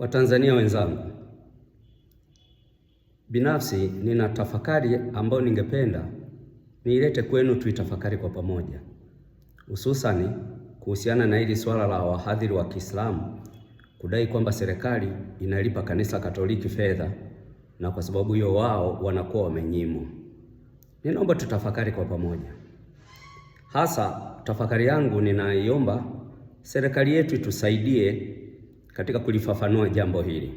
Watanzania wenzangu, binafsi nina tafakari ambayo ningependa niilete kwenu tuitafakari kwa pamoja, hususani kuhusiana na hili swala la wahadhiri wa Kiislamu kudai kwamba serikali inalipa kanisa Katoliki fedha na kwa sababu hiyo wao wanakuwa wamenyimwa. Ninaomba tutafakari kwa pamoja, hasa tafakari yangu ninaiomba serikali yetu itusaidie katika kulifafanua jambo hili,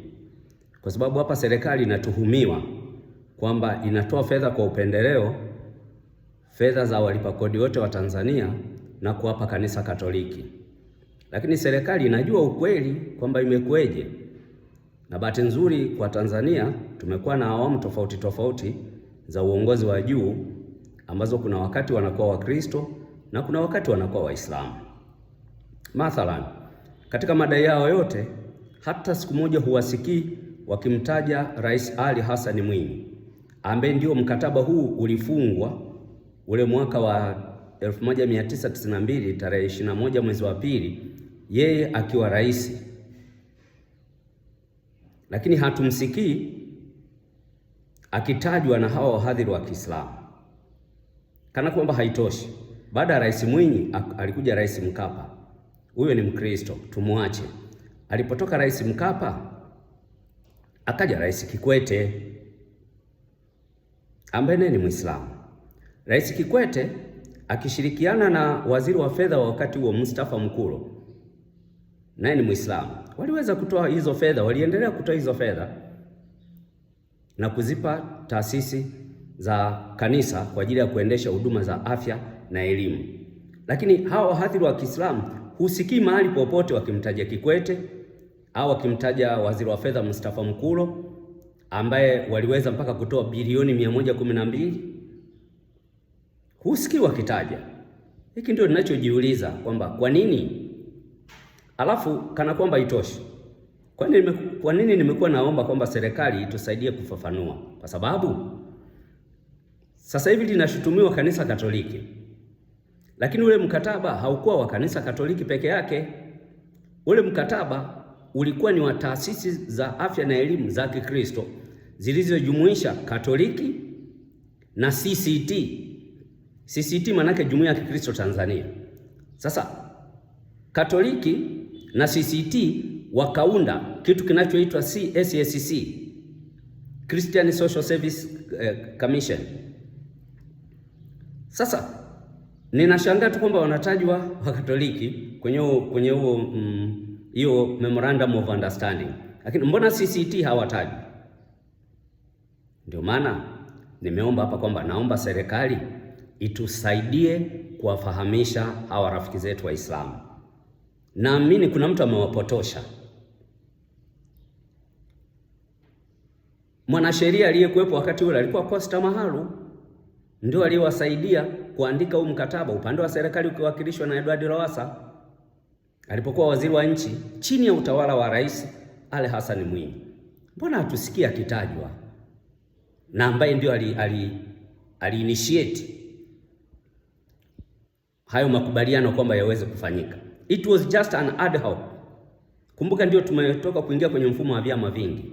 kwa sababu hapa serikali inatuhumiwa kwamba inatoa fedha kwa upendeleo, fedha za walipa kodi wote wa Tanzania na kuwapa kanisa Katoliki, lakini serikali inajua ukweli kwamba imekueje. Na bahati nzuri kwa Tanzania tumekuwa na awamu tofauti tofauti za uongozi wa juu ambazo kuna wakati wanakuwa Wakristo na kuna wakati wanakuwa Waislamu mathalan katika madai yao yote, hata siku moja huwasikii wakimtaja Rais Ali Hassan Mwinyi ambaye ndio mkataba huu ulifungwa ule mwaka wa 1992 tarehe 21 mwezi wa pili, yeye akiwa rais, lakini hatumsikii akitajwa na hawa wahadhiri wa Kiislamu. Kana kwamba haitoshi, baada ya Rais Mwinyi alikuja Rais Mkapa huyo ni Mkristo, tumwache. Alipotoka Rais Mkapa akaja Rais Kikwete ambaye naye ni Mwislamu. Rais Kikwete akishirikiana na waziri wa fedha wa wakati huo Mustafa Mkulo naye ni Mwislamu, waliweza kutoa hizo fedha, waliendelea kutoa hizo fedha na kuzipa taasisi za kanisa kwa ajili ya kuendesha huduma za afya na elimu. Lakini hawa wahadhiri wa Kiislamu husikii mahali popote wakimtaja Kikwete au wakimtaja waziri wa fedha Mustafa Mkulo ambaye waliweza mpaka kutoa bilioni 112. kumi na mbili husikii wakitaja. Hiki ndio ninachojiuliza kwamba kwa nini, alafu kana kwamba itoshi kwa nini, kwa nini nimekuwa naomba kwamba serikali itusaidie kufafanua, kwa sababu sasa hivi linashutumiwa kanisa Katoliki lakini ule mkataba haukuwa wa kanisa Katoliki peke yake. Ule mkataba ulikuwa ni wa taasisi za afya na elimu za Kikristo zilizojumuisha Katoliki na CCT. CCT manake Jumuiya ya Kikristo Tanzania. Sasa Katoliki na CCT wakaunda kitu kinachoitwa CSSC, Christian Social Service eh, Commission. Sasa Ninashangaa tu kwamba wanatajwa Wakatoliki kwenye huo kwenye huo mm, hiyo mm, memorandum of understanding, lakini mbona CCT hawatajwi? Ndio maana nimeomba hapa kwamba naomba serikali itusaidie kuwafahamisha hawa rafiki zetu Waislamu. Naamini kuna mtu amewapotosha. Mwanasheria aliyekuwepo wakati ule alikuwa Costa Mahalu ndio aliyowasaidia kuandika huu mkataba, upande wa serikali ukiwakilishwa na Edward Lowassa alipokuwa waziri wa nchi chini ya utawala wa Rais Ali Hassan Mwinyi. Mbona hatusikii akitajwa na ambaye ndio ali, ali, ali initiate hayo makubaliano kwamba yaweze kufanyika? It was just an ad hoc. Kumbuka ndio tumetoka kuingia kwenye mfumo wa vyama vingi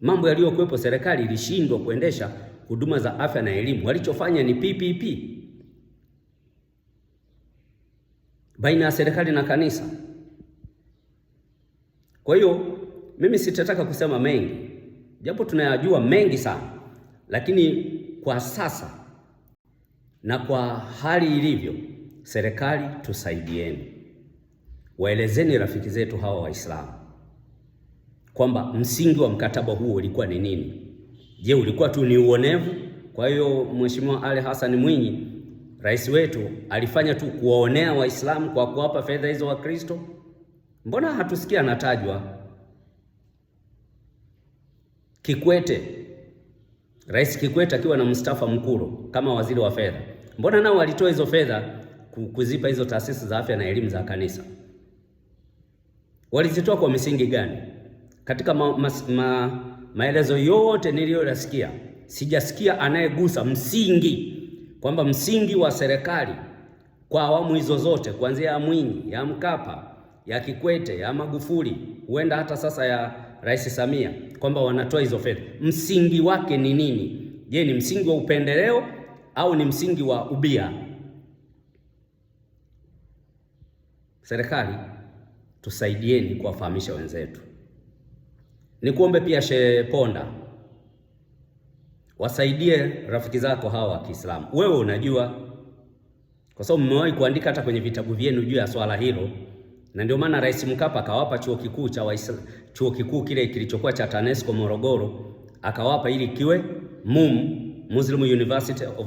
Mambo yaliyokuwepo, serikali ilishindwa kuendesha huduma za afya na elimu, walichofanya ni PPP baina ya serikali na kanisa. Kwa hiyo mimi sitataka kusema mengi, japo tunayajua mengi sana, lakini kwa sasa na kwa hali ilivyo, serikali tusaidieni, waelezeni rafiki zetu hawa Waislamu kwamba msingi wa mkataba huo ulikuwa ni nini. Je, ulikuwa tu ni uonevu? Kwa hiyo Mheshimiwa Ali Hassan Mwinyi rais wetu alifanya tu kuwaonea Waislamu kwa kuwapa fedha hizo Wakristo? Mbona hatusikia anatajwa? Kikwete, Rais Kikwete akiwa na Mustafa Mkuro kama waziri wa fedha, mbona nao walitoa hizo fedha kuzipa hizo taasisi za afya na elimu za kanisa? Walizitoa kwa misingi gani? Katika ma, ma, ma, maelezo yote niliyoyasikia, sijasikia anayegusa msingi kwamba msingi wa serikali kwa awamu hizo zote kuanzia ya Mwinyi, ya Mkapa, ya Kikwete, ya Magufuli, huenda hata sasa ya Rais Samia, kwamba wanatoa hizo fedha, msingi wake ni nini? Je, ni msingi wa upendeleo au ni msingi wa ubia? Serikali, tusaidieni kuwafahamisha wenzetu. Nikuombe pia Shehe Ponda, wasaidie rafiki zako hawa wa Kiislamu. Wewe unajua, kwa sababu mmewahi kuandika hata kwenye vitabu vyenu juu ya swala hilo, na ndio maana Rais Mkapa akawapa chuo kikuu cha Waislamu, chuo kikuu kile kilichokuwa cha TANESCO Morogoro, akawapa ili kiwe MUM, Muslim University of